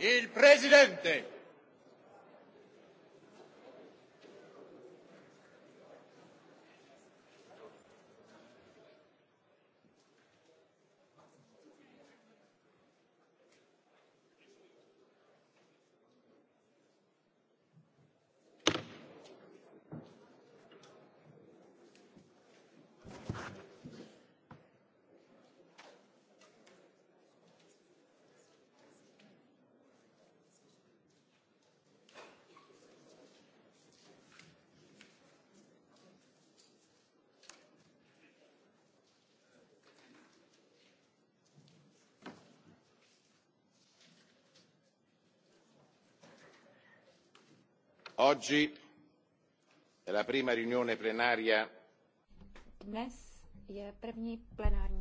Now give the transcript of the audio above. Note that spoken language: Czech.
Il presidente oggi è la prima riunione plenaria dnes je první plenární